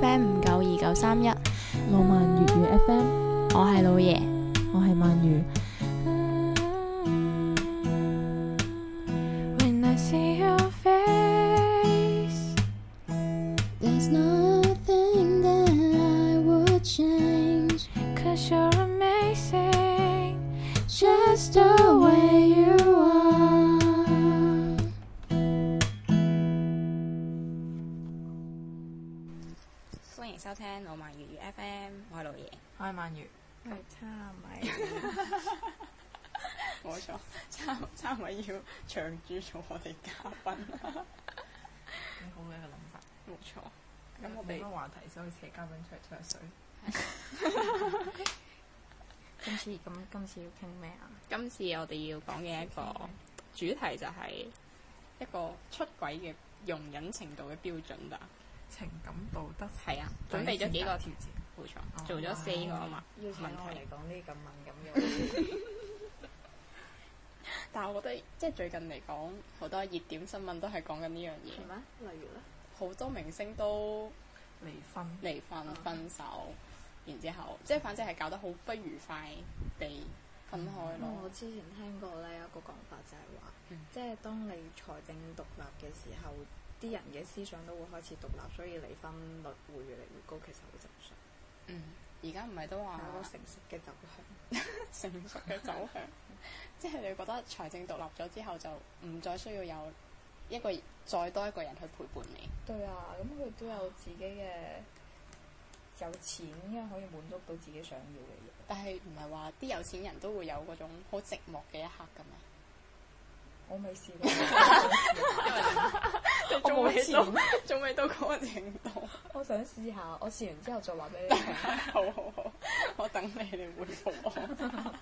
FM 五九二九三一，浪漫粵語 FM，我係老爺，我係鰻魚。Uh, 做我哋嘉賓，咁好嘅一個諗法，冇錯。咁我冇乜話題，所以請嘉賓出嚟吹下水。今次，咁今次要傾咩啊？今次我哋要講嘅一個主題就係一個出軌嘅容忍程度嘅標準啦。情感道德係啊，準備咗幾個條件，冇錯、哦，做咗四個啊嘛。要請我嚟講啲咁敏感嘅。 但係我覺得即係最近嚟講，好多熱點新聞都係講緊呢樣嘢。係咩？例如咧，好多明星都離婚、離婚、分手，嗯、然之後即係反正係搞得好不愉快地分開咯。嗯、我之前聽過咧，有一個講法就係、是、話，即係當你財政獨立嘅時候，啲、嗯、人嘅思想都會開始獨立，所以離婚率，率會越嚟越高，其實好正常。嗯。而家唔係都話成熟嘅走向， 成熟嘅走向，即係你覺得財政獨立咗之後，就唔再需要有一個再多一個人去陪伴你。對啊，咁佢都有自己嘅有錢嘅可以滿足到自己想要嘅嘢，但係唔係話啲有錢人都會有嗰種好寂寞嘅一刻㗎咩？我未試過。 仲未到，仲未到嗰程度。我想試下，我試完之後再話俾你聽。好 好好，我等你哋回覆我。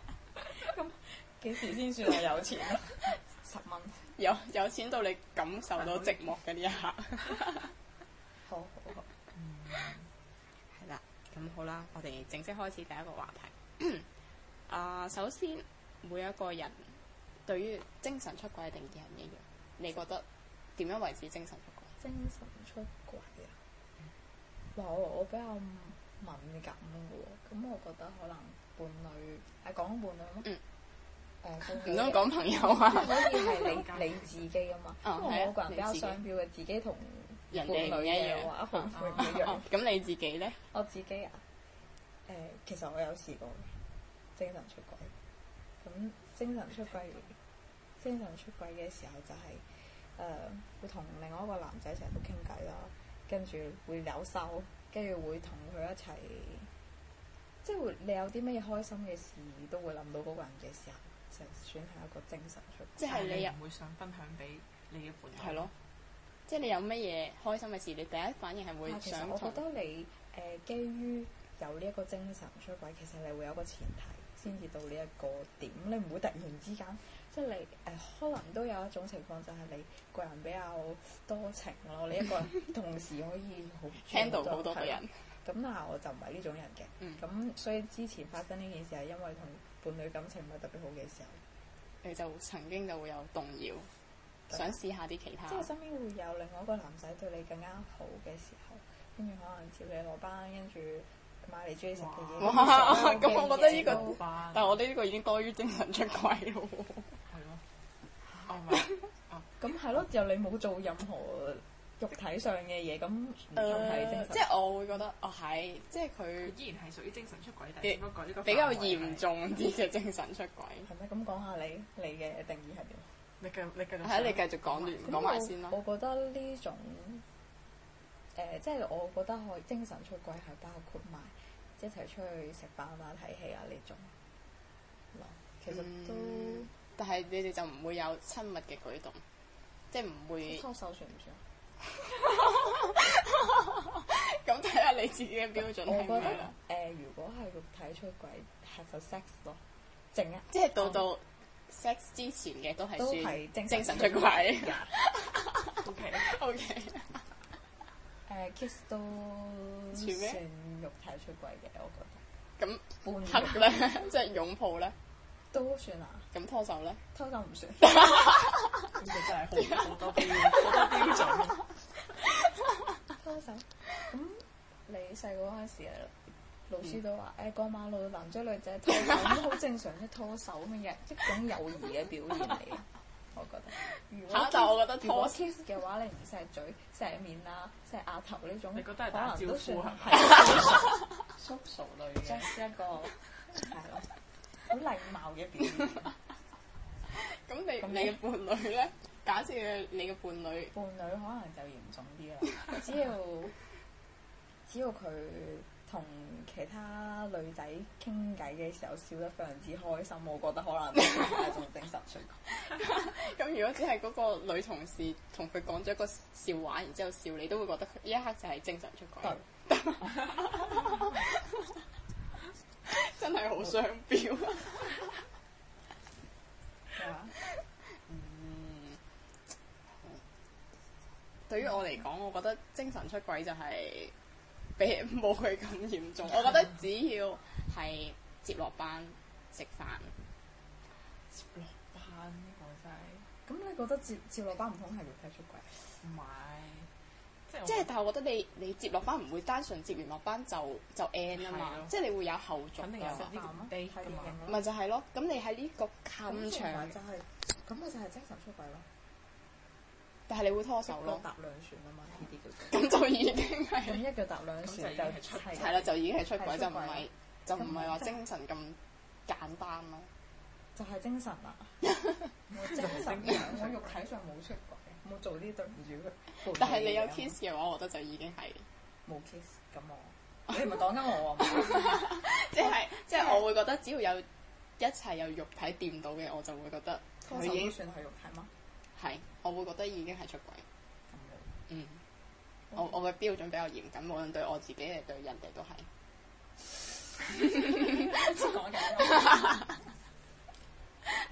咁 幾 時先算我有錢 十蚊塊。 有有錢到你感受到寂寞嘅呢一刻。 好好好。嗯， 係啦。咁好啦，我哋正式開始第一個話題。啊、 呃，首先每一個人對於精神出軌嘅定義係唔一樣。你覺得？點樣為止精神出軌？精神出軌啊！冇，我比較敏感噶喎，咁我覺得可能伴侶，係講伴侶咯。唔通講朋友啊？可係你你自己啊嘛。嗯，係啊。我個人比較雙標嘅，自己同人哋唔一樣喎。咁你自己咧？我自己啊，誒，其實我有試過精神出軌，咁精神出軌，精神出軌嘅時候就係。誒、呃、會同另外一個男仔成日都傾偈啦，惹惹跟住會扭手，跟住會同佢一齊，即係你有啲咩開心嘅事都會諗到嗰個人嘅時候，就算係一個精神出軌，即係你又唔會想分享俾另一半，友。係咯，即係你有乜嘢開心嘅事，你第一反應係會想、啊。其實我覺得你誒、呃、基於有呢一個精神出軌，其實你會有個前提先至到呢一個點，你唔會突然之間。即係你誒，可能都有一種情況，就係你個人比較多情咯。你一個人同時可以好 handle 到好多個人，咁嗱我就唔係呢種人嘅。咁所以之前發生呢件事係因為同伴侶感情唔係特別好嘅時候，你就曾經就會有動搖，想試下啲其他。即係身邊會有另外一個男仔對你更加好嘅時候，跟住可能接你落班，跟住買你中意食嘅嘢。咁我覺得呢個，但係我呢個已經多於精神出軌咯。哦，咁係咯，又你冇做任何肉體上嘅嘢，咁唔仲係精神？即係我會覺得，哦係，即係佢依然係屬於精神出軌，但係不過呢個比較嚴重啲嘅精神出軌。係咪？咁講下你你嘅定義係點？你繼續，你繼續。係，你繼續講完講埋先啦。我覺得呢種誒，即係我覺得可以精神出軌係包括埋一齊出去食飯啊、睇戲啊呢種。其實都。但係你哋就唔會有親密嘅舉動，即係唔會。搓手算唔算啊？咁睇下你自己嘅標準係咩啦？我覺得誒，如果係肉體出軌，係就 sex 咯。靜啊！即係到到 sex 之前嘅都係算。都係精神出軌。OK OK。誒 kiss 都算肉體出軌嘅，我覺得。咁，半刻咧，即係擁抱咧。都算啊，咁拖手咧？拖手唔算。咁你真係好好多標，好多標準。拖手，咁你細個嗰陣時啊，老師都話，誒過馬路男追女仔拖手都好正常，即拖手咁嘅一種友誼嘅表現嚟。我覺得，如果就我覺得拖 kiss 嘅話，你唔錫嘴、錫面啦、錫額頭呢種，你覺得可能都算係。成熟類嘅，即係一個係咯。貌嘅咁你 你嘅伴侶咧？假設你嘅伴侶，伴侶可能就嚴重啲啦。只要只要佢同其他女仔傾偈嘅時候笑得非常之開心，我覺得可能係仲精神出軌。咁如果只係嗰個女同事同佢講咗個笑話，然之後笑，你都會覺得佢呢一刻就係精神出軌。真係好雙標、 嗯。對於我嚟講，我覺得精神出軌就係比冇佢咁嚴重。嗯、我覺得只要係接落班食飯，飯接落班呢個真係咁。你覺得接接落班唔通係肉體出軌？唔係。即係，但係我覺得你你接落班唔會單純接完落班就就 end 啊嘛，即係你會有後續。肯定有咁咪就係咯。咁你喺呢個場，就係咁咪就係精神出軌咯。但係你會拖手咯。搭兩船啊嘛，呢啲叫咁就已經係一腳踏兩船就係係啦，就已經係出軌就唔係就唔係話精神咁簡單咯。就係精神啊！精神，我肉體上冇出軌。做啲對唔住，但係你有 kiss 嘅話，我覺得就已經係冇 kiss 咁我。你唔係講緊我啊，即係即係我會覺得只要有一齊有肉體掂到嘅，我就會覺得佢已經算係肉體嗎？係，我會覺得已經係出軌。嗯，我我嘅標準比較嚴謹，無論對我自己定對人哋都係。講緊。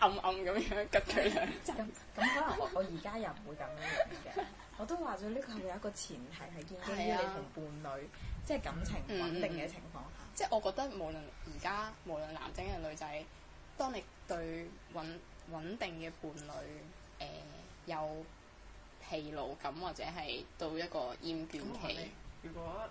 暗暗咁樣拮佢兩，咁咁可能我而家又唔會咁樣嘅，我都話咗呢個有一個前提係建立於你同伴侶，對啊、即係感情穩定嘅情況下，嗯嗯。即係我覺得無論而家無論男仔嘅女仔，當你對穩穩定嘅伴侶誒、呃、有疲勞感或者係到一個厭倦期，嗯嗯嗯、如果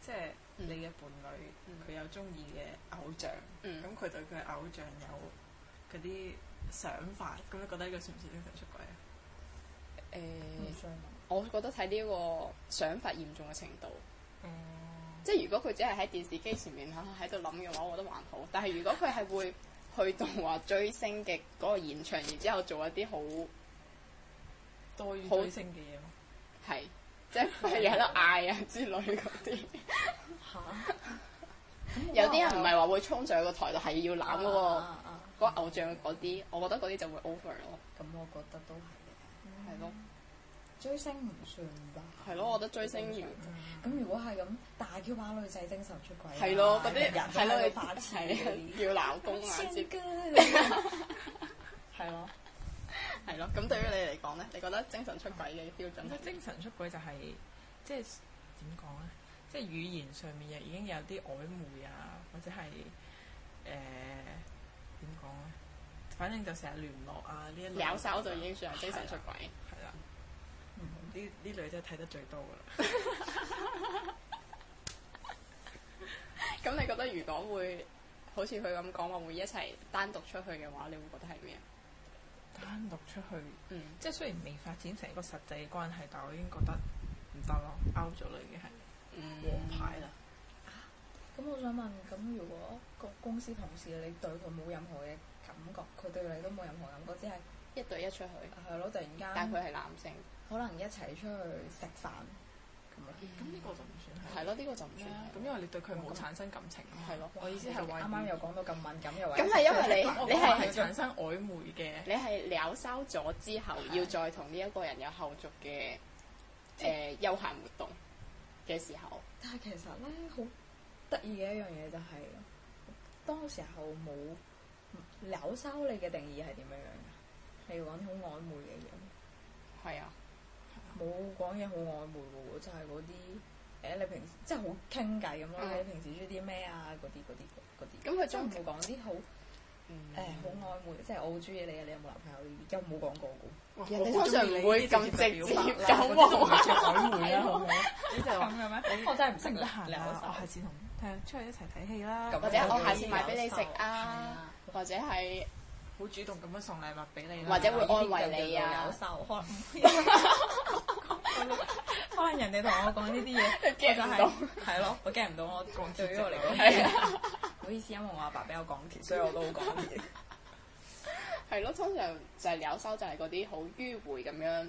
即係你嘅伴侶佢有中意嘅偶像，咁佢、嗯、對佢嘅偶像有嗰啲，想法，咁你覺得呢個算唔算精神出軌啊？誒、嗯，嗯、我覺得睇呢個想法嚴重嘅程度。嗯、即係如果佢只係喺電視機前面喺度諗嘅話，我覺得還好。但係如果佢係會去到話追星嘅嗰個現場，然之後做一啲好多好追星嘅嘢咯。係，即係係喺度嗌啊之類嗰啲。有啲人唔係話會衝上個台度係哇要攬嗰個。啊啊嗰偶像嗰啲，我覺得嗰啲就會 over 咯。咁我覺得都係，係咯。追星唔算吧？係咯，我覺得追星。咁如果係咁，大 Q 把女仔精神出軌。係咯，嗰啲人係咯，你發誓，要鬧工啊之類。係咯，係咯。咁對於你嚟講咧，你覺得精神出軌嘅標準？精神出軌就係即係點講咧？即係語言上面呀已經有啲曖昧啊，或者係誒。點講咧？反正就成日聯絡啊，呢一類。有手就已經算係精神出軌。係啦，呢呢類真係睇得最多噶啦。咁你覺得如果會好似佢咁講話，會一齊單獨出去嘅話，你會覺得係咩？單獨出去，嗯，即係雖然未發展成一個實際嘅關係，嗯、但我已經覺得唔得咯，out 咗啦已經係，黃牌啦。咁我想問，咁如果個公司同事你對佢冇任何嘅感覺，佢對你都冇任何感覺，只係一對一出去係咯。突然間，但佢係男性，可能一齊出去食飯咁樣。咁呢個就唔算係係咯，呢個就唔算。咁因為你對佢冇產生感情，係咯。我意思係話啱啱又講到咁敏感又話，咁係因為你你係產生曖昧嘅，你係撩騷咗之後，要再同呢一個人有後續嘅誒休閒活動嘅時候，但係其實咧好。得意嘅一樣嘢就係，當時候冇撩騷你嘅定義係點樣樣㗎？你要講啲好曖昧嘅嘢。係啊，冇講嘢好曖昧喎，就係嗰啲誒你平時即係好傾偈咁咯。你平時中意啲咩啊？嗰啲嗰啲嗰啲。咁佢中唔會講啲好誒好曖昧，即係我好中意你啊！你有冇男朋友？而家冇講過嘅。你通常唔會咁直接咁曖昧啊，好唔好？你即係話咩？我真係唔識得撩騷啦。係啊，出去一齊睇戲啦，或者我下次買俾你食啊，或者係好主動咁樣送禮物俾你啦，啊，或者會安慰你啊有，有可能 可能人哋同我講呢啲嘢，我就係係咯，我驚唔到我對於我嚟講，唔好意思，因為我阿爸俾我講嘢，所以我都好講嘢。係咯，通常就係有收，就係嗰啲好迂迴咁樣。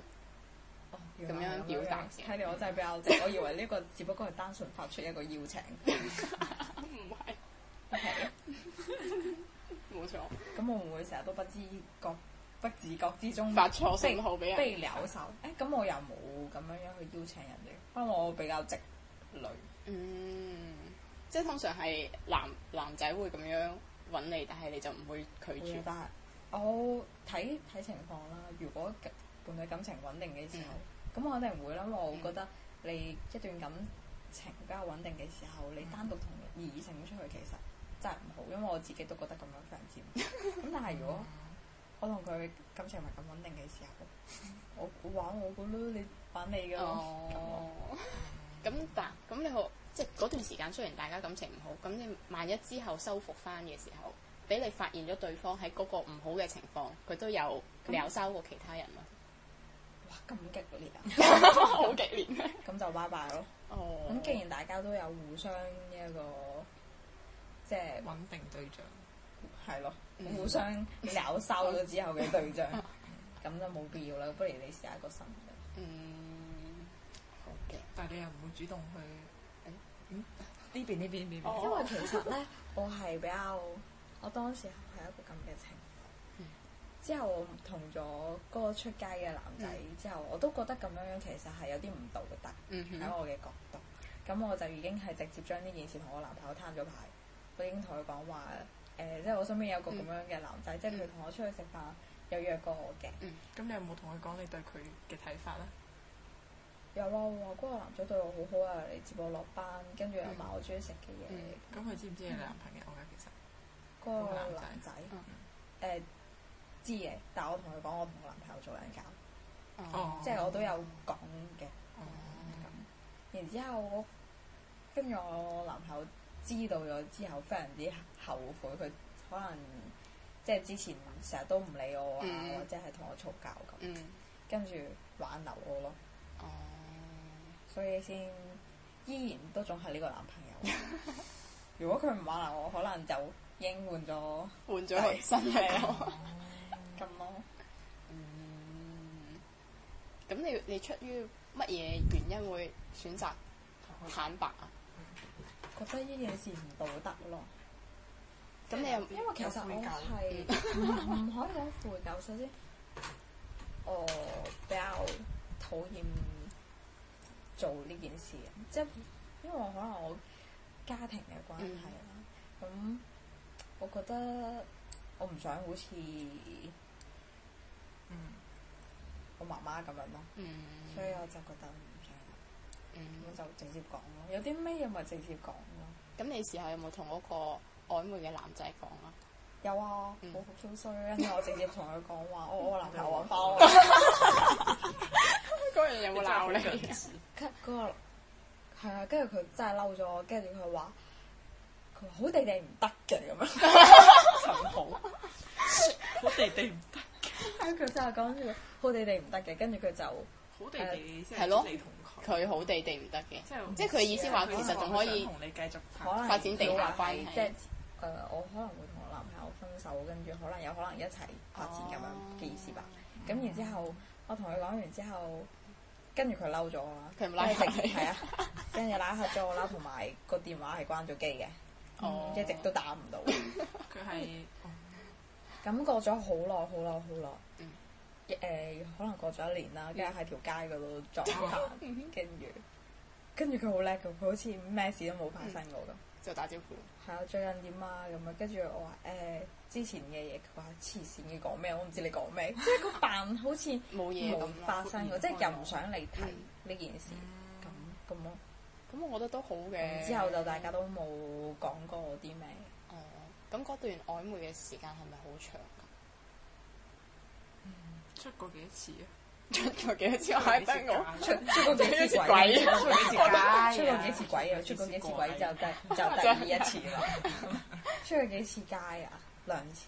咁樣表達睇嚟，我真係比較直。 我以為呢個只不過係單純發出一個邀請，唔係，冇錯。咁我唔會成日都不知覺、不自覺之中發錯訊號俾人？不如你手，誒咁、 欸、我又冇咁樣樣去邀請人哋。因為我比較直女，嗯，即係通常係男男仔會咁樣揾你，但係你就唔會拒絕。我睇睇情況啦，如果。伴侶感情穩定嘅時候，咁我肯定唔會啦。我覺得你一段感情比較穩定嘅時候，你單獨同異性出去，其實真係唔好。因為我自己都覺得咁樣非常之咁。但係如果我同佢感情唔係咁穩定嘅時候，我我玩我個咯，你反你個咯。咁但咁你好，即係嗰段時間雖然大家感情唔好，咁你萬一之後修復翻嘅時候，俾你發現咗對方喺嗰個唔好嘅情況，佢都有撩騷過其他人咁激烈啊！好激烈，咁就拜拜咯。哦，咁既然大家都有互相一個即係穩定對象，係咯，互相咬收咗之後嘅對象，咁就冇必要啦。不如你試下一個新嘅。嗯，好嘅。但係你又唔會主動去？呢邊呢邊呢邊，因為其實咧，我係比較，我當時係一個咁嘅情。之後我同咗嗰個出街嘅男仔之後，我都覺得咁樣樣其實係有啲唔道德喺我嘅角度。咁我就已經係直接將呢件事同我男朋友攤咗牌，我已經同佢講話誒，即係我身邊有個咁樣嘅男仔，即係佢同我出去食飯，有約過我嘅。嗯，咁你有冇同佢講你對佢嘅睇法咧？有啦，嗰個男仔對我好好啊，嚟接我落班，跟住又買我中意食嘅嘢。咁佢知唔知你男朋友噶？其實嗰個男仔誒。知嘅，但係我同佢講，我同我男朋友做人交，oh. 即係我都有講嘅。哦、oh. 嗯，然後之後我跟住我男朋友知道咗之後，非常之後悔。佢可能即係之前成日都唔理我啊，mm. 或者係同我嘈交咁，mm. 跟住挽留我咯。哦，oh. 所以先依然都仲係呢個男朋友。 如果佢唔挽留我，我可能就已經換咗換咗新嘅。咁你你出於乜嘢原因會選擇坦白啊？嗯、覺得呢件事唔道德咯。咁你又因為其實我係唔可以講負疚，首先 我比較討厭做呢件事，即係因為可能我家庭嘅關係咁、嗯嗯、我覺得我唔想好似嗯。嗯媽媽咁樣咯，所以我就覺得唔想，咁就直接講咯。嗯、有啲咩嘢咪直接講咯。咁你時候有冇同嗰個曖昧嘅男仔講啊？有啊，好衰衰，跟住我直接同佢講話，我我男朋友揾翻我，有冇鬧你？佢嗰、那個係啊，跟住佢真係嬲咗，跟住佢話佢話好地地唔得嘅咁樣，唔好好地地。佢就係講住好地地唔得嘅，跟住佢就好地地，即係你同佢，佢好地地唔得嘅，即係佢意思話其實仲可以同你繼續發展地，即係誒我可能會同我男朋友分手，跟住可能有可能一齊發展咁樣嘅意思吧。咁然之後我同佢講完之後，跟住佢嬲咗啦，一直係啊，跟住拉黑咗我啦，同埋個電話係關咗機嘅，一直都打唔到。佢係。咁過咗好耐，好耐，好耐。誒、嗯呃，可能過咗一年啦、嗯，跟住喺條街嗰度撞下，跟住，跟住佢好叻嘅，佢好似咩事都冇發生過咁咯、嗯，就打招呼。係啊，最近點啊？咁、嗯、啊，跟住我話誒、呃，之前嘅嘢佢話黐線嘅講咩？我唔知你講咩，即係佢扮好似冇嘢咁發生過，即係又唔想嚟睇呢件事。咁咁咯，咁、嗯、我，我覺得都好嘅。後之後就大家都冇講過啲咩。嗰段曖昧嘅時間係咪好長？嗯，出過幾次啊？出過幾多次？嚇死我！出過幾次鬼？出過幾次街？出過幾次鬼啊？出過幾次鬼？就第就第一次啦。出過幾次街啊？兩次。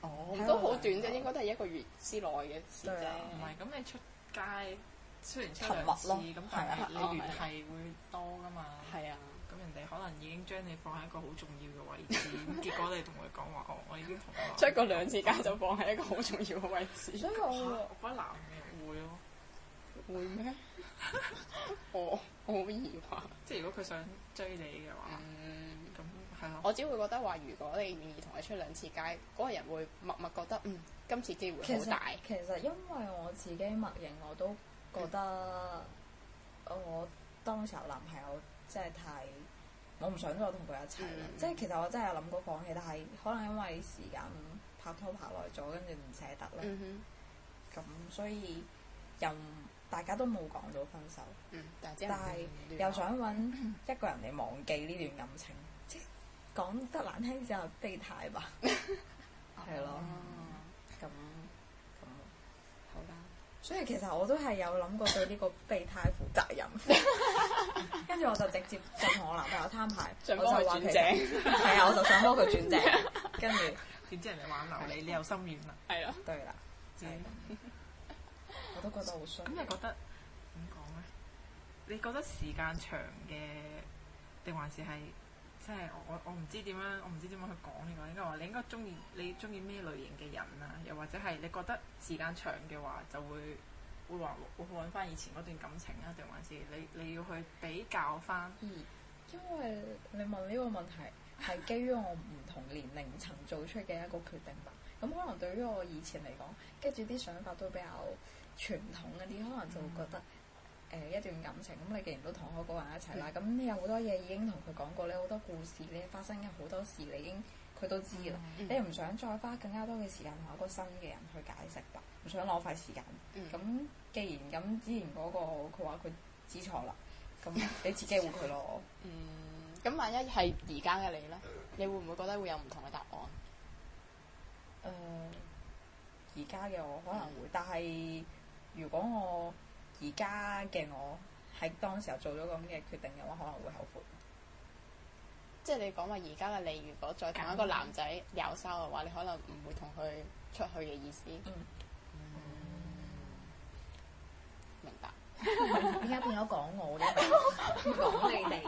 哦。都好短啫，應該都係一個月之內嘅時間。唔係，咁你出街雖然出兩次咯，咁，但係月係會多噶嘛。係啊。你可能已經將你放喺一個好重要嘅位置，結果你同佢講話我已經同佢出過兩次街，就放喺一個好重要嘅位置。所以，我我覺得男嘅會咯，會咩？我好疑惑，即係如果佢想追你嘅話，嗯，咁係啊。我只會覺得話，如果你願意同佢出兩次街，嗰個人會默默覺得嗯，今次機會好大。其實，其實因為我自己默認我都覺得，我當時候男朋友真係太。我唔想再同佢一齊啦，即係其實我真係有諗過放棄，但係可能因為時間拍拖拍耐咗，跟住唔捨得啦，咁、嗯、哼所以又大家都冇講到分手，嗯、但係又想揾一個人嚟忘記呢段感情，嗯、哼即係講得難聽就係備胎吧，係咯。所以其實我都係有諗過對呢個備胎負責任，跟住 我就直接就同我男朋友攤牌，我就幫佢轉正，係啊，我就想幫佢轉正，跟住點知人哋挽留你，你又心軟啦，係啊，對啦，對 我都覺得好衰！咁你覺得點講咧？你覺得時間長嘅定還是係？即係我我我唔知點樣，我唔知點樣去講呢個。應該話你應該中意你中意咩類型嘅人啊？又或者係你覺得時間長嘅話，就會會話會去揾翻以前嗰段感情啊？定還是你你要去比較翻？嗯，因為你問呢個問題係基於我唔同年齡層做出嘅一個決定吧。咁 可能對於我以前嚟講，跟住啲想法都比較傳統一啲，可能就會覺得。誒一段感情，咁你既然都同嗰個人一齊啦，咁、嗯、你有好多嘢已經同佢講過咧，好多故事你發生嘅好多事，你已經佢都知啦。嗯嗯、你唔想再花更加多嘅時間同一個新嘅人去解釋啦，唔想浪費時間。咁、嗯、既然咁之前嗰、嗰個佢話佢知錯啦，咁你自己換佢咯。 嗯，咁萬一係而家嘅你咧，你會唔會覺得會有唔同嘅答案？誒、嗯，而家嘅我可能會，嗯、但係如果我。而家嘅我喺當時候做咗咁嘅決定嘅話，可能會後悔。即係你講話，而家嘅你，如果再同一個男仔撩騷嘅話，你可能唔會同佢出去嘅意思。嗯，明白。點解變咗講我嘅？講你哋嘅咩？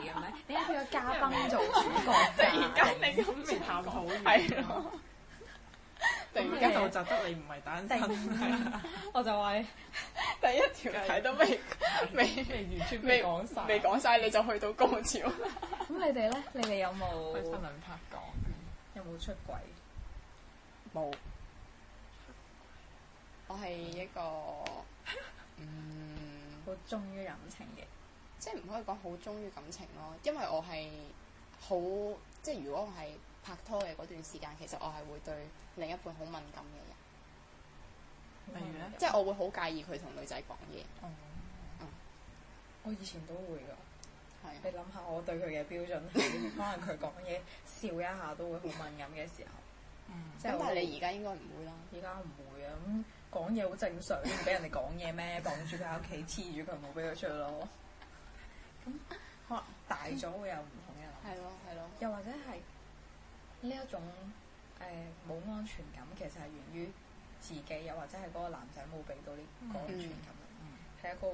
點解變咗嘉賓做主角？突然間你咁轉話路好遠。突然間，我就得你唔係單身。我就話第一條睇都未，未完全未講晒，未講晒你就去到高潮。咁 你哋咧？你哋有冇拍講？ 有冇出軌？冇。 我係一個嗯好 忠於感情嘅，即係唔可以講好忠於感情咯。因為我係好即係如果我係拍拖嘅嗰段時間，其實我係會對另一半好敏感嘅。即係我會好介意佢同女仔講嘢。我以前都會㗎，係啊。你諗下，我對佢嘅標準，可能佢講嘢笑一下都會好敏感嘅時候。嗯，即係但係你而家應該唔會啦。而家唔會啊，咁講嘢好正常，俾人哋講嘢咩？綁住佢喺屋企黐住佢，冇俾佢出去咯。咁可能大咗會有唔同嘅諗。係咯，係咯。又或者係呢一種誒冇安全感，其實係源於自己又或者係嗰個男仔冇俾到呢個安全感，係、嗯、一個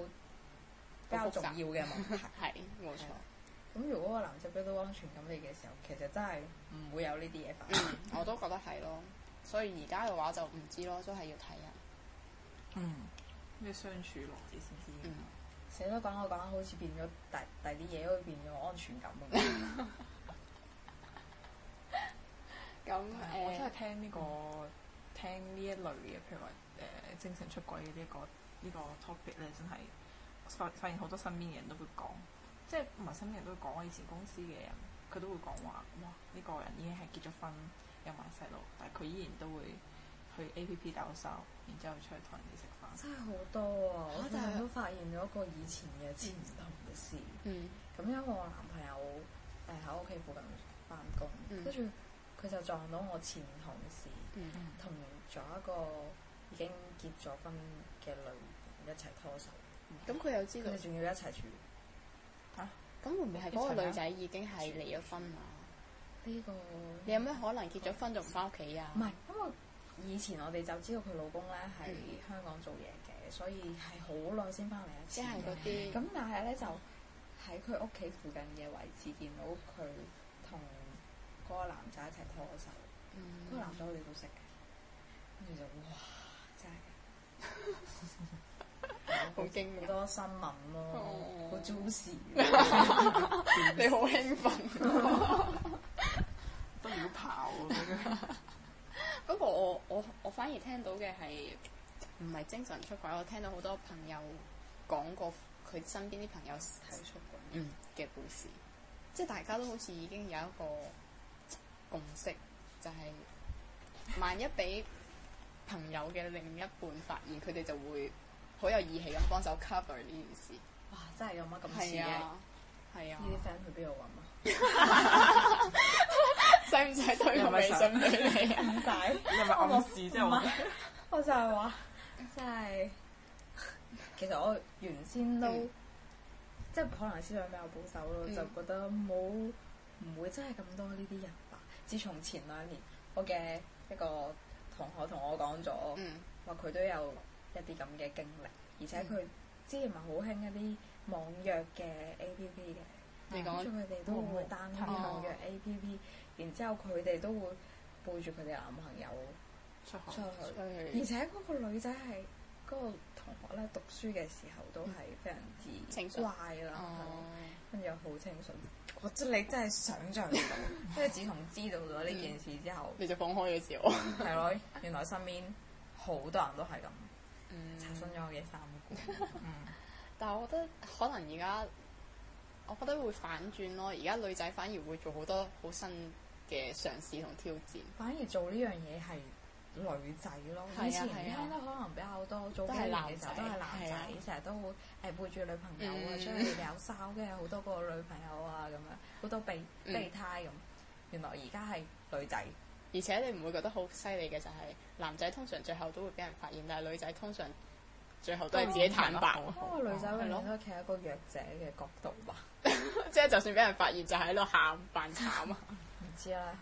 比較重要嘅問題。係冇服 對的錯。咁如果個男仔俾到安全感你嘅時候，其實真係唔會有呢啲嘢發生。我都覺得係咯，所以而家嘅話就唔知咯，都、就、係、是、要睇下。嗯。咩相處落嚟先知。成日都講講講，好似變咗第第啲嘢都會變咗安全感啊！咁誒。我真係聽呢、這個。 聽呢一類嘅，譬如話誒、呃、精神出軌嘅呢、這個呢、這個 topic 咧，真係發發現好多身邊嘅人都會講，即係唔係身邊人都會講，我以前公司嘅人佢都會講話，哇、呢、這個人已經係結咗婚有埋細路，但係佢依然都會去 A P P 大手，然之後出去同人哋食飯。真係好多、哦、啊！我最近都發現咗一個以前嘅前頭嘅事。嗯。咁因為我男朋友好喺屋企附近返工，跟住、嗯。佢就撞到我前同事同咗、嗯、一個已經結咗婚嘅女人一齊拖手。咁佢、嗯嗯、又知道。仲要一齊住嚇？咁會唔會係嗰個女仔已經係離咗婚啊？呢、呢個你有咩可能結咗婚就唔翻屋企啊？唔係、嗯，因為以前我哋就知道佢老公咧喺香港做嘢嘅，所以係好耐先翻嚟啊。即係啲咁，但係咧就喺佢屋企附近嘅位置見到佢同，嗰個男仔一齊拖手，嗰、嗯、個男仔我哋都識嘅，跟住就哇真係， 好多新聞咯、啊，好中 o 視， 你好興奮、啊，不 要跑、啊。 不過我我我反而聽到嘅係唔係精神出軌，我聽到好多朋友講過佢身邊啲朋友睇出過嗯嘅故事，嗯、即係大家都好似已經有一個。共識就係、是、萬一俾朋友嘅另一半發現，佢哋就會好有義氣咁幫手 cover 呢件事。哇！真係有乜咁刺激？係啊，係啊！呢啲 friend 去邊度揾？使唔使推個微信俾你？唔使 麼。係咪 暗角事？即係我我就係話，真係其實我原先都、嗯、即係可能思想比較保守咯，嗯、就覺得冇唔會真係咁多呢啲人。自從前兩年，我嘅一個同學同我講咗，話佢、嗯、都有一啲咁嘅經歷，而且佢之前咪好興一啲網約嘅 A P P 嘅，你講、嗯，佢哋都會 download 啲網約 A P P，然之後佢哋都會背住佢哋男朋友出去出去，而且嗰個女仔係嗰個同學咧讀書嘅時候都係非常之乖啦，跟住、嗯嗯、又好清純。我真你真係想象唔到，即係自從知道咗呢件事之後，嗯、你就放開咗自我。係 咯，原來身邊好多人都係咁，產生咗我嘅三觀。嗯、但係我覺得可能而家，我覺得會反轉咯。而家女仔反而會做好多好新嘅嘗試同挑戰，反而做呢樣嘢係。女仔咯，以前聽得可能比較多早年嘅時候都係男仔，成日都會誒背住女朋友啊，出去鬧，跟住好多個女朋友啊咁樣，好多備備胎咁。原來而家係女仔，而且你唔會覺得好犀利嘅就係男仔通常最後都會俾人發現，但係女仔通常最後都係自己坦白。因為女仔嘅人都企喺一個弱者嘅角度嘛，即係就算俾人發現就喺度喊扮慘啊！唔知啊，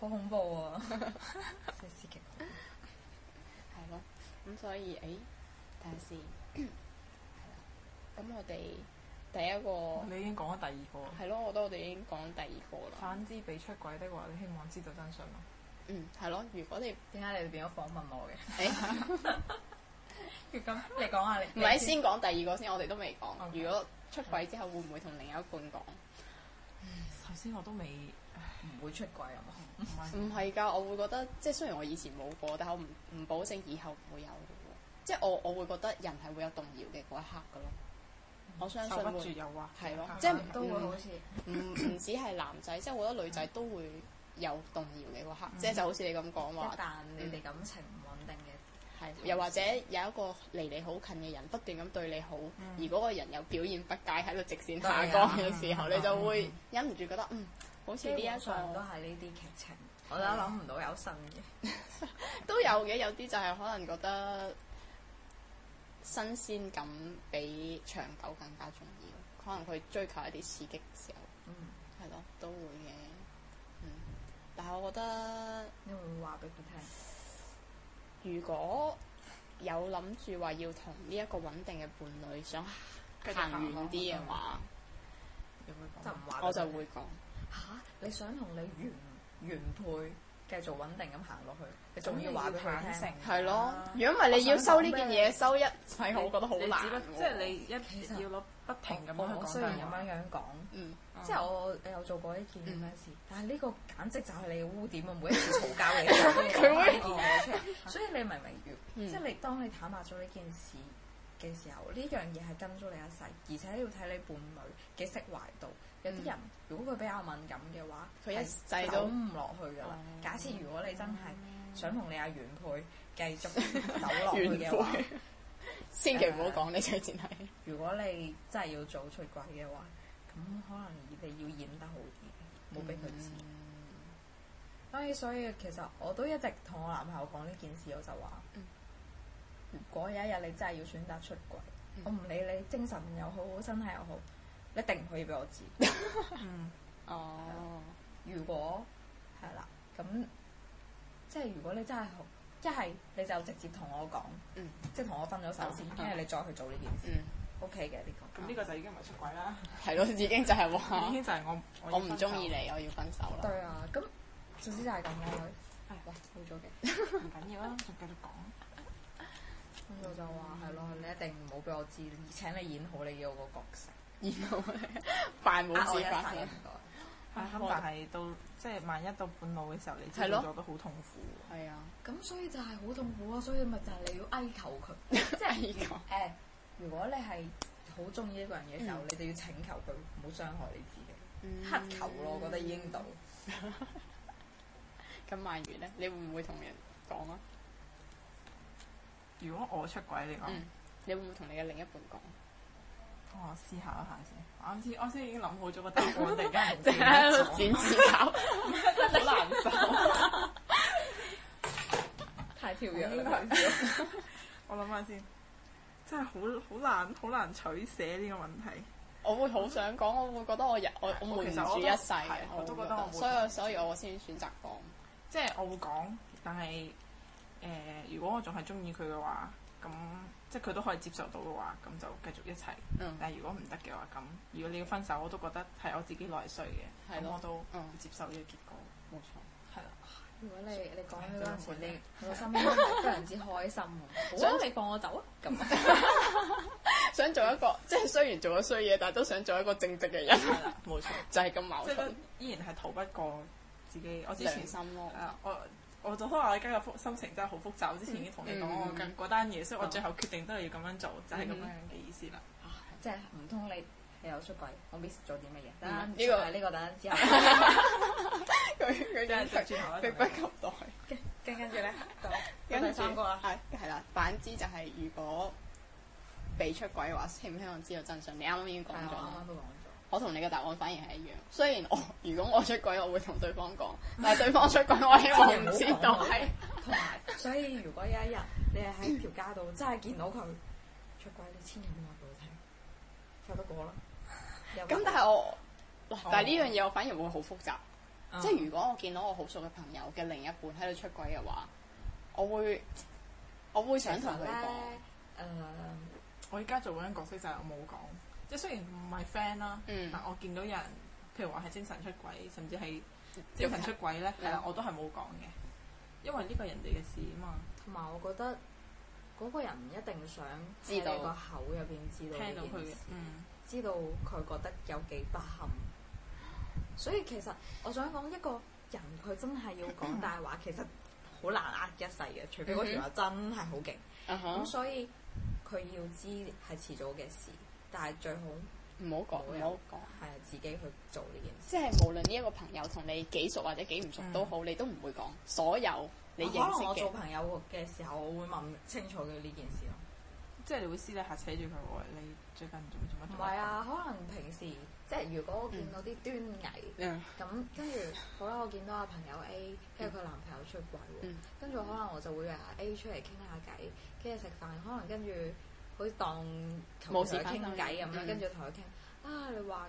好恐怖啊。咁所以，誒、哎，睇下先。咁 我哋第一個，你已經講咗第二個。係咯，我覺得我哋已經講咗第二個啦。反之，俾出軌的話，你希望知道真相咯。嗯，係咯。如果你點解你哋變咗訪問我嘅？係啊。咁你講下你，唔係是先講第二個先，我哋都未講。Okay. 如果出軌之後，Okay. 會唔會同另一半講？頭先我都未唔會出軌啊嘛，唔係㗎，我會覺得即係雖然我以前冇過，但係我唔唔保證以後唔會有，即係我我會覺得人係會有動搖嘅嗰一刻嘅咯，我相信會係咯、嗯 嗯，即係唔唔唔止係男仔，即係我覺得女仔都會有動搖嘅嗰刻，即係、嗯、就好似你咁講話。一旦你哋感情、嗯又或者有一個離你好近嘅人不斷咁對你好，嗯、而嗰個人又表現不解，喺度直線下降嘅時候，嗯、你就會忍唔住覺得嗯，嗯，好似呢一場都係呢啲劇情，嗯、我都諗唔到有新嘅， 都有嘅，有啲就係可能覺得新鮮感比長久更加重要，可能佢追求一啲刺激嘅時候，嗯，係咯，都會嘅，嗯，但係我覺得你會唔會話俾佢聽？如果有諗住話要同呢一個穩定嘅伴侶想行遠啲嘅話，就唔話我就會講。嚇！你想同你原原配繼續穩定咁行落去，你仲要話佢坦承？係咯，如果唔係你要收呢件嘢，收一。係你我覺得好難、啊只不。即係你一要攞不停咁樣講，雖然咁樣樣講。嗯。即係我有做過一件咁樣事，嗯、但係呢個簡直就係你嘅污點啊！每一次嘈交嘅時候，講埋呢件嘢出嚟，所以你明唔明？即係你當你坦白咗呢件事嘅時候，呢樣嘢係跟咗你一世，而且要睇你伴侶嘅釋懷度。有啲人、嗯、如果佢比較敏感嘅話，佢一世都唔落去噶啦。哦、假設如果你真係想同你阿原配繼續走落去嘅話，千祈唔好講你出軌。 如果你真係要做出軌嘅話。咁、嗯、可能你要演得好啲，冇俾佢知。嗯、所以所以，其實我都一直同我男朋友講呢件事，我就話：嗯、如果有一日你真係要選擇出軌，嗯、我唔理你精神又好，身體又好，你一定唔可以俾我知、 嗯。哦。 如果係啦，咁果即係如果你真係好，一係你就直接同我講，即係同我分咗手先，一係、嗯嗯、你再去做呢件事。嗯嗯 O K 嘅呢個，咁呢個就已經唔係出軌啦，係咯，已經就係話，已經就係我我唔中意你，我要分手啦。對啊，咁總之就係咁樣。喂，好咗嘅，唔緊要啦，繼續講。咁我就話係咯，你一定唔好俾我知，請你演好你要嗰個角色。演好，扮冇字眼。咁但係到即係萬一到半路嘅時候，你自己做得好痛苦。係啊，咁所以就係好痛苦啊，所以咪就係你要哀求佢，即係誒。如果你係好中意一個人嘅時候，你就要請求佢唔好傷害你自己，乞求咯，我覺得已經到。咁萬瑜咧，你會唔會同人講啊？如果我出軌，你講，你會唔會同你嘅另一半講？我試下一下先。啱先，我先已經諗好咗個答案，定係剪指甲，好難受。太跳躍啦！我諗下先。真係好好難好難取捨呢個問題。我會好想講， 我會覺得我有我我瞞住一世嘅我都覺得，所以所以我先選擇講。即係我會講，但係誒、呃，如果我仲係鍾意佢嘅話，咁即係佢都可以接受到嘅話，咁就繼續一齊。嗯、但係如果唔得嘅話，咁如果你要分手，我都覺得係我自己內需嘅，咁咯我都接受呢個結果。冇、嗯、錯。如果你你講呢個心非常之開心， 想你放我走啊！咁， 想做一個即係雖然做咗衰嘢，但係都想做一個正直嘅人。係冇、嗯嗯、錯，就係咁矛盾。依然係逃不過自己，我之前心咯對。我我就開話我而家嘅複心情真係好複雜。我之前已經同你講我咁嗰單嘢，嗯嗯、所以我最後決定都係要咁樣做，就係、是、咁樣嘅意思啦。啊，即係唔通你？你又出軌，我 miss 咗啲乜嘢？等下呢個呢個，等下之後。佢佢就食住我，迫 不及待。跟跟住咧，跟住到着第三個啦。係係啦，反之就係如果被出軌嘅話，希唔希望知道真相？你啱啱已經講咗，啱啱都講咗。我同你嘅答案反而係一樣。雖然我如果我出軌，我會同對方講，但係對方出軌， 我希望唔知道。同埋，所以如果有一日你係喺條街度真係見到佢出軌，你千祈唔好話俾我聽。有得過啦。咁但係我嗱，哦、但係呢樣嘢我反而會好複雜，哦、即係如果我見到我好熟嘅朋友嘅另一半喺度出軌嘅話，我會我會想同佢講，誒，呃、我而家做嗰種角色就係、是、我冇講，即係雖然唔係 friend 啦，嗯、但我見到有人譬如話係精神出軌，甚至係精神出軌咧，係啊神，我都係冇講嘅。嗯、因為呢個人哋嘅事啊嘛。同埋我覺得嗰個人唔一定想知道個口入邊知道聽到佢嘅。嗯知道佢覺得有幾不堪，所以其實我想講一個人佢真係要講大話，其實好難壓一世嘅，除非嗰條友真係好勁。咁、嗯、哼所以佢要知係遲早嘅事，但係最好唔好講，唔好講，係自己去做呢件事。即係無論呢一個朋友同你幾熟或者幾唔熟都好，嗯、你都唔會講所有你認識嘅。可能我做朋友嘅時候，我會問清楚佢呢件事咯。即係你會私底下扯住佢喎，你最近做咩做乜？唔係啊，可能平時即係如果我見到啲端倪，咁跟住好啦，我見到阿朋友 A，跟住佢男朋友出軌喎，跟住、嗯、可能我就會約 A 出嚟傾下偈，傾下食飯，可能跟住好似當冇事傾偈咁樣，嗯、跟住同佢傾啊，你話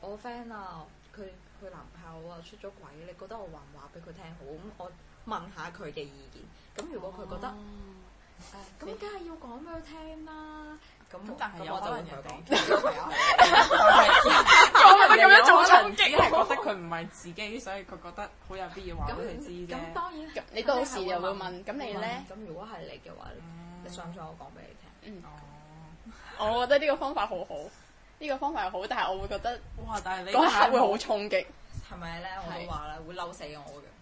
我 friend 啊，佢佢男朋友啊出咗軌，你覺得我話唔話俾佢聽好咁？我問下佢嘅意見，咁如果佢覺得。嗯嗯咁梗係要講俾佢聽啦。咁但係有我真係唔係講嘅。講下咁樣做衝擊。覺得佢唔係自己，所以佢覺得好有必要話俾佢知。咁當然，你到時又會問。咁你咧？咁如果係你嘅話，你想唔想我講俾你聽？哦。我覺得呢個方法好好，呢個方法好，但係我會覺得，哇！但係嗰下會好衝擊。係咪咧？我都話啦，會嬲死我嘅。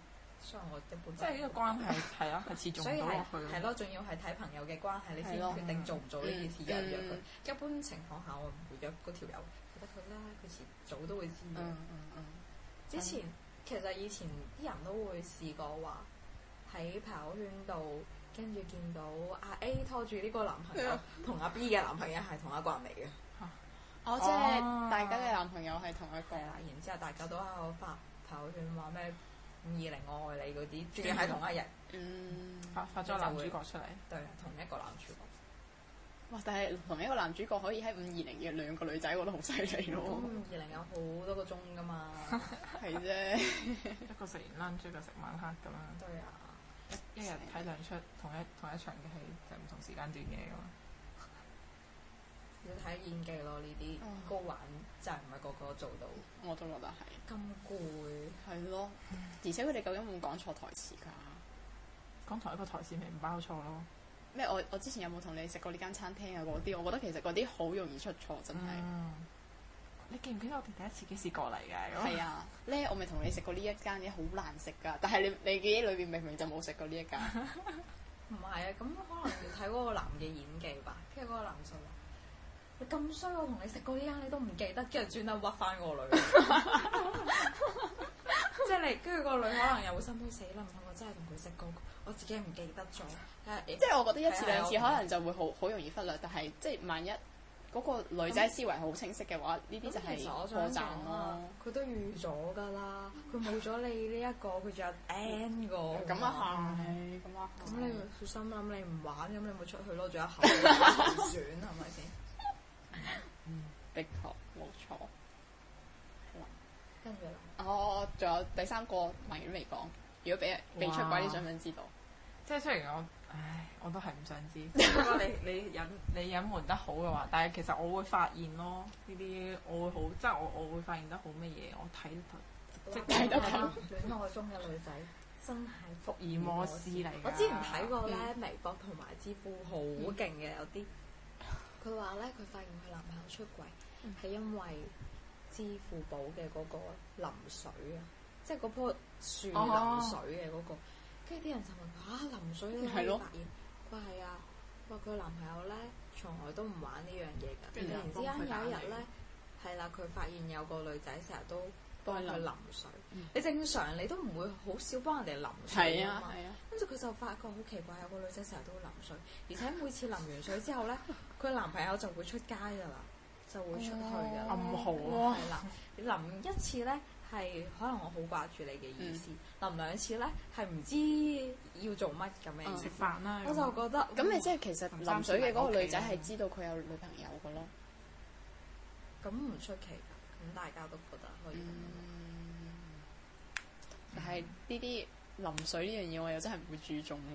所以我係即係呢個關係係啊，始終，所以係係咯，仲要係睇朋友嘅關係，你先決定做唔做呢件事。嗯嗯、約唔約佢？一般情況下，我唔會約嗰條友，覺得佢咧，佢遲早都會知道嗯。嗯，嗯之前以其實以前啲人都會試過話喺朋友圈度跟住見到阿 A 拖住呢個男朋友同阿、嗯、B 嘅男朋友係同一個人嚟嘅。我、嗯嗯哦、即係大家嘅男朋友係同一個啦，然之後大家都喺度發朋友圈話咩？五二零我愛你嗰啲，居然喺同一日、嗯，發發咗男主角出嚟，嗯、對，同一個男主角。哇！但係同一個男主角可以喺五二零約兩個女仔，我都好犀利咯。五二零有好多個鐘噶嘛，係啫呀，一個食完 lunch 就食晚黑咁樣。對啊，一日睇兩出同一同一場嘅戲，就唔同時間段嘅嘛。要睇演技咯，呢啲高玩就係唔係個個做到。我都覺得係咁攰，係咯。 而且佢哋究竟有冇講錯台詞㗎？講台一個台詞咪唔包錯咯。咩？我我之前有冇同你食過呢間餐廳啊？嗰啲我覺得其實嗰啲好容易出錯，真係、嗯。你記唔記得我哋第一次幾時過嚟㗎？係 啊，咧我咪同你食過呢一間嘢，好難食㗎。但係你你記憶裏邊明明就冇食過呢一間。唔係 啊，咁可能要睇嗰個男嘅演技吧。跟住嗰個男你咁衰，我同你食過啲、這、啊、個，你都唔記得，跟住專登屈翻個女， 即係你跟住個女可能又會心死啦，我真係同佢食過，我自己唔記得咗。看看欸、即係我覺得一次看看兩次可能就會好好不容易忽略，但係即係萬一嗰個女仔思維好清晰嘅話，呢啲、嗯、就係破綻啦。佢、啊、都預咗㗎啦，佢冇咗你呢、這、一個，佢仲有 n 個。咁啊嚇！咁啊嚇！咁、嗯嗯嗯、你小心啦！咁你唔玩，咁你咪出去囉，仲有候選，係咪先？嗯，的確冇錯，係啦、嗯，跟住啦。哦，仲有第三個謎都未講。如果俾人出軌，你想唔想知道？哇即係雖然我，唉，我都係唔想知 你。你你隱你隱瞞得好嘅話，但係其實我會發現咯，呢啲我會好，即係我我會發現得好乜嘢，我睇得即係睇得戀愛中嘅女仔真係福爾摩斯嚟。我之前睇過咧，微博同埋知乎好勁嘅有啲。佢話咧，佢發現佢男朋友出軌，係、嗯、因為支付寶嘅個淋水啊，即係嗰樖樹淋水嘅個，跟住啲人就問佢，啊，淋水點解會發現？佢話係啊，話佢男朋友咧從來都唔玩呢樣嘢㗎，突然、嗯、之間有一日咧，係啦，佢發現有個女仔成日都幫佢淋水。你正常，你都唔會好少幫人哋淋水啊嘛。係啊，係啊。跟住佢就發覺好奇怪，有個女仔成日都會淋水，而且每次淋完水之後咧，佢 男朋友就會出街噶啦，就會出去噶啦。咁好啊！係啦， 淋一次咧係可能我好掛住你嘅意思，嗯、淋兩次咧係唔知要做乜咁樣食飯啦。飯嗯、我就覺得咁，嗯、你即係其實淋水嘅嗰個女仔係知道佢有女朋友噶咯？咁唔出奇，咁大家都覺得可以、嗯。但係呢啲淋水呢樣嘢，我又真係唔會注重嘅。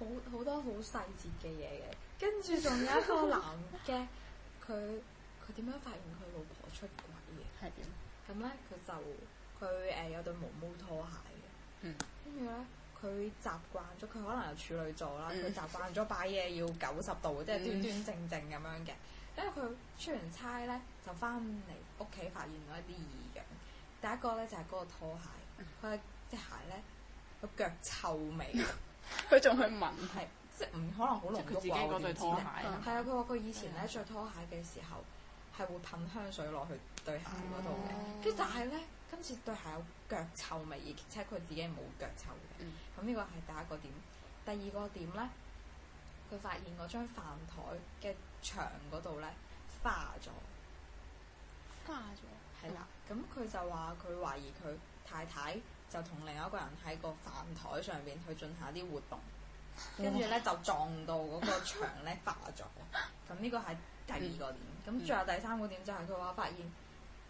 好好多好細節嘅嘢嘅，跟住仲有一個男嘅，佢佢點樣發現佢老婆出軌嘅？係啊，咁咧佢就佢誒有對毛毛拖鞋嘅，嗯，跟住咧佢習慣咗，佢可能係處女座啦，佢習慣咗擺嘢要九十度，嗯、即係端端正正咁樣嘅。因為佢出完差咧，就翻嚟屋企發現咗一啲異樣。第一個咧就係嗰個拖鞋。佢隻鞋咧，個腳臭味。佢仲 去聞，係即係唔可能好濃郁啩。佢自己嗰對拖鞋。係啊，佢話佢以前咧着拖鞋嘅時候係會噴香水落去對鞋嗰度嘅。跟、嗯、但係咧，今次對鞋有腳臭味，而且佢自己冇腳臭嘅。咁呢個係第一個點。第二個點咧，佢發現嗰張飯台嘅牆嗰度咧花咗。花咗了。係啦，咁佢就話佢懷疑佢。太太就同另外一個人喺個飯台上邊去進行一啲活動，跟住咧就撞到嗰個牆咧，化咗。咁呢個係第二個點。咁最後第三個點就係佢話發現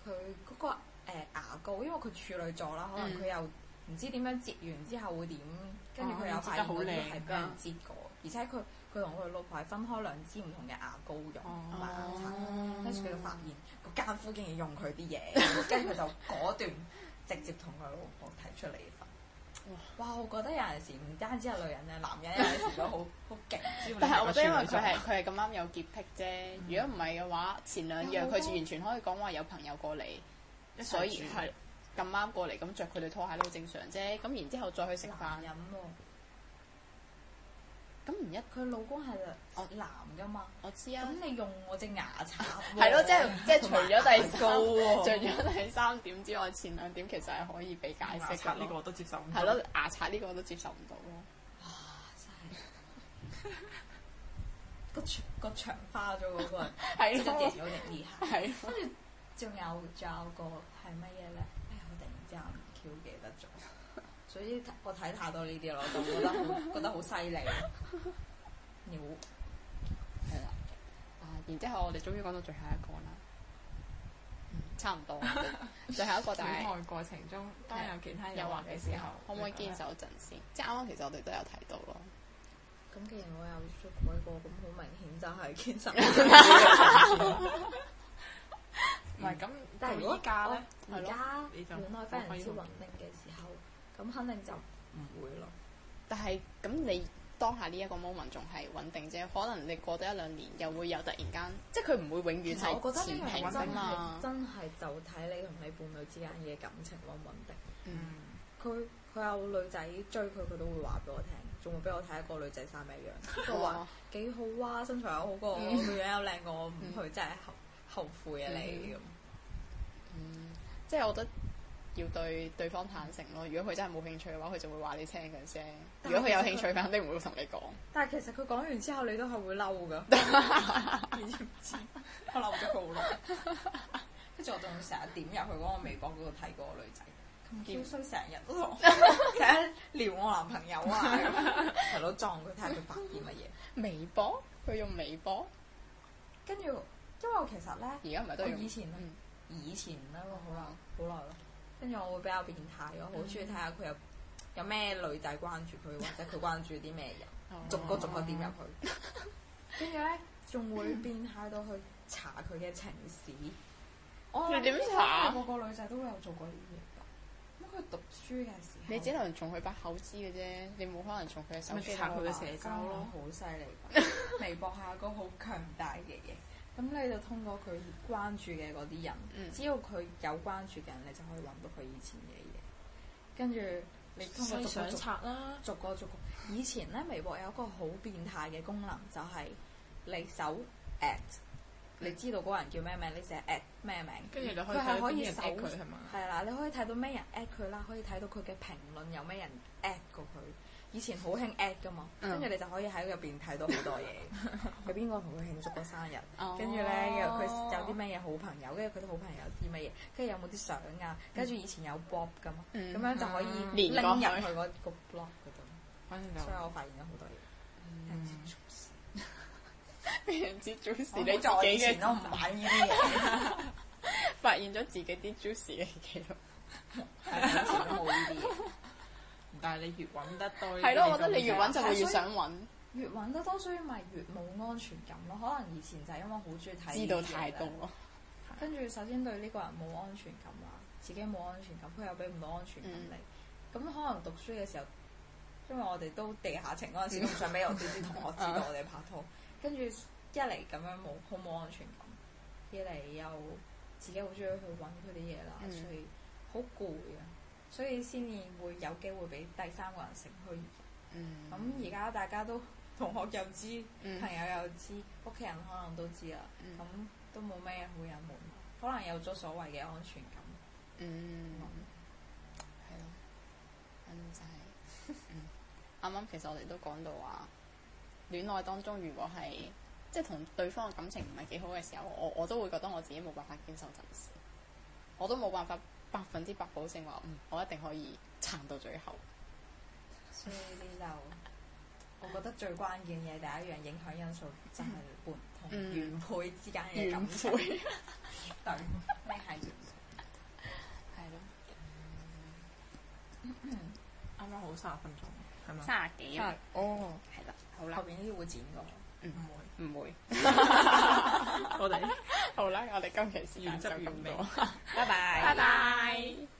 佢嗰個牙膏，因為佢處女座啦，可能佢又唔知點樣折完之後會點，跟住佢又發現嗰啲係俾人折過，而且佢佢同佢老婆係分開兩支唔同嘅牙膏用牙刷，跟住佢就發現個奸夫竟然用佢啲嘢，跟住佢就果斷，直接同佢老婆提出離婚。哇！我覺得有陣時唔單止係女人啊，男人有陣時都好好極。但係我得因為佢係佢係咁啱有潔癖啫。嗯、如果唔係嘅話，前兩日佢完全可以講話有朋友過嚟，所以係咁啱過嚟咁着佢哋拖鞋都好正常啫。咁然之後再去食飯飲咁唔一佢老公係男噶嘛？我知啊。咁你用我隻牙刷，啊？係咯， 即係即係除咗第三、啊，除咗第三點之外，前兩點其實係可以被解釋嘅。牙刷呢個我都接受唔到。係咯，牙刷呢個我都接受唔到咯。哇！真係 個長 個花咗嗰個，跟住跌咗嚟下，仲 有仲有個係乜嘢咧？哎呀，我突然之間唔記得咗。所以我睇太多呢啲咯，就覺得好覺得好犀利。妖，係啦。然之後我哋終於講到最後一個啦，差唔多。最後一個就係戀愛過程中都有其他誘惑嘅時候，可唔可以堅守陣時？即係啱啱其實我哋都有提到咯。咁既然我有講過，咁好明顯就係堅守唔到。唔係咁，但係而家咧，而家戀愛非常之穩定嘅時候。咁肯定就唔會咯。但係咁你當下呢一個 moment 仲係穩定啫，可能你過咗一兩年又會有突然間，即係佢唔會永遠係持平穩定啦。真係就睇你同你伴侶之間嘅感情穩唔穩定。嗯，佢佢有女仔追佢，佢都會話俾我聽，仲會俾我睇一個女仔生咩樣。我話幾好哇，身材又好過我，樣又靚過我，唔去真係後悔啊你。咁。即係我覺得。要對對方坦誠咯，如果佢真係冇興趣嘅話，佢就會話你聽佢啫。如果佢有興趣，佢肯定唔會同你講。但係其實佢講完之後，你都係會嬲㗎。你知唔知？我嬲咗佢好耐，跟住我仲成日點入去嗰個微博嗰度睇嗰個女仔，咁衰成日都同成日撩我男朋友啊，係佬撞佢睇下佢發啲乜嘢。微博？佢用微博？跟住，因為其實咧，而家唔係都以前以前咧，好耐，好耐咯。跟住我會比較變態咯，好中意睇下佢有有咩女仔關注佢，或者佢關注啲咩人，逐個逐個點入去。跟住咧，仲會變態到去查佢嘅情史。嗯、哦，你點查？每個女仔都會有做過呢啲嘢㗎。咁佢讀書嘅時候，你只能從佢把口知嘅啫，你冇可能從佢嘅手機查佢嘅社交。嗯、好犀利， 微博下個好強大嘅嘢。咁你就通過佢關注嘅嗰啲人，只要佢有關注嘅人，你就可以揾到佢以前嘅嘢。跟住你通過逐，逐個逐個，以前咧微博有一個好變態嘅功能，就係、是、你搜 at，對你知道嗰人叫咩名，你寫 at 咩名。跟住你可以睇到咩人 at 佢係啦，你可以睇到咩人 at 佢啦，可以睇到佢嘅評論有咩人 at 過佢。以前好興 at 噶嘛，跟住你就可以喺入邊睇到好多嘢，有邊個同佢慶祝過生日，跟住咧佢有啲咩嘢好朋友，跟住佢啲好朋友啲乜嘢，跟住有冇啲相啊，跟住以前有 bob 噶嘛，咁樣就可以拎入去嗰個 blog 嗰度。所以我發現咗好多嘢。你人知都唔你呢啲嘢。發現咗自己啲 juicy 嘅記錄。我以前都冇呢啲。但係你越揾得多，係咯，我覺得你越揾就會越想揾啊。越揾得多，所以咪越冇安全感咯。可能以前就係因為好中意睇，知道太多。跟住首先對呢個人冇安全感啊，自己冇安全感，佢又俾唔到安全感你。咁、嗯、可能讀書嘅時候，因為我哋都地下情嗰陣時，唔、嗯、想俾我啲啲同學知道我哋拍拖。 跟住一嚟咁樣，冇好冇安全感，二嚟又自己好中意去揾佢啲嘢啦，嗯、所以好攰啊。所以先至會有機會俾第三個人乘虛。咁而家大家都同學又知，嗯、朋友又知，屋企人可能都知啦。咁、嗯、都冇咩好隱瞞，可能有咗所謂嘅安全感。嗯，係咯、嗯。咁、嗯、就係啱啱，嗯、 啱啱其實我哋都講到話，戀愛當中如果係即係同對方嘅感情唔係幾好嘅時候，我我都會覺得我自己冇辦法接受陣時，我都冇辦法。百分之百保證話，嗯，我一定可以撐到最後。 所以呢就，我覺得最關鍵嘅第一樣影響因素就係伴侶、原配之間嘅感情。嗯、 對，咩係？ 係咯。 啱、嗯、啱 好三十分鐘，係咪？三十幾？對哦，係啦，好啦。後邊呢啲會剪噶。唔會唔會，我哋好啦，我哋今期先就咁多，拜拜拜拜。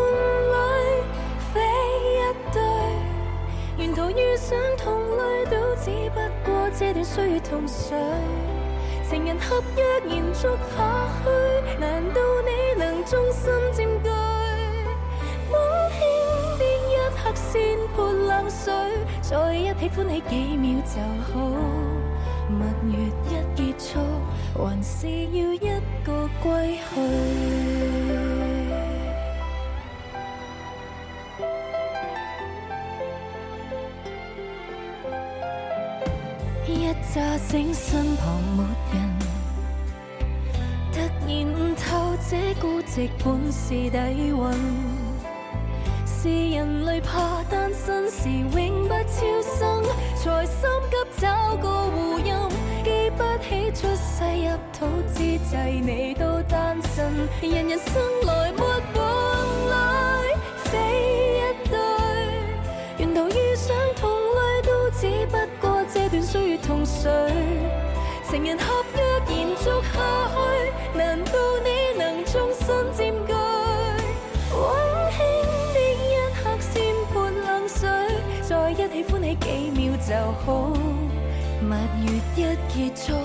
這段歲月同誰？情人合約延續下去，難道你能終身佔據？冷清邊一刻先潑冷水，在一起歡喜幾秒就好，蜜月一結束，還是要一個歸去。一乍醒，身旁沒人，突然悟透這孤寂本是底蘊，是人類怕單身時永不超生，才心急找個護蔭，記不起出世入土之際你都單身，人人生來沒伴。合約延續下去，難道你能終身佔據？溫馨的一刻先潑冷水，再一起歡喜幾秒就好。蜜月一結束，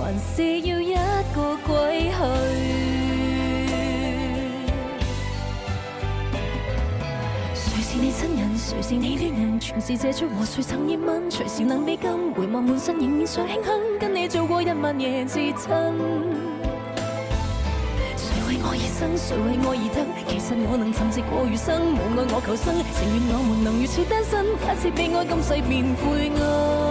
還是要一個歸去。誰是你戀人？全是借出和誰曾熱吻？隨時能被禁，回望滿身仍然想慶幸，跟你做過一晚夜至親。誰為愛而生？誰為愛而等？其實我能沉寂過餘生，無奈我求生，情願我們能如此單身，假使悲哀今世變灰暗，啊。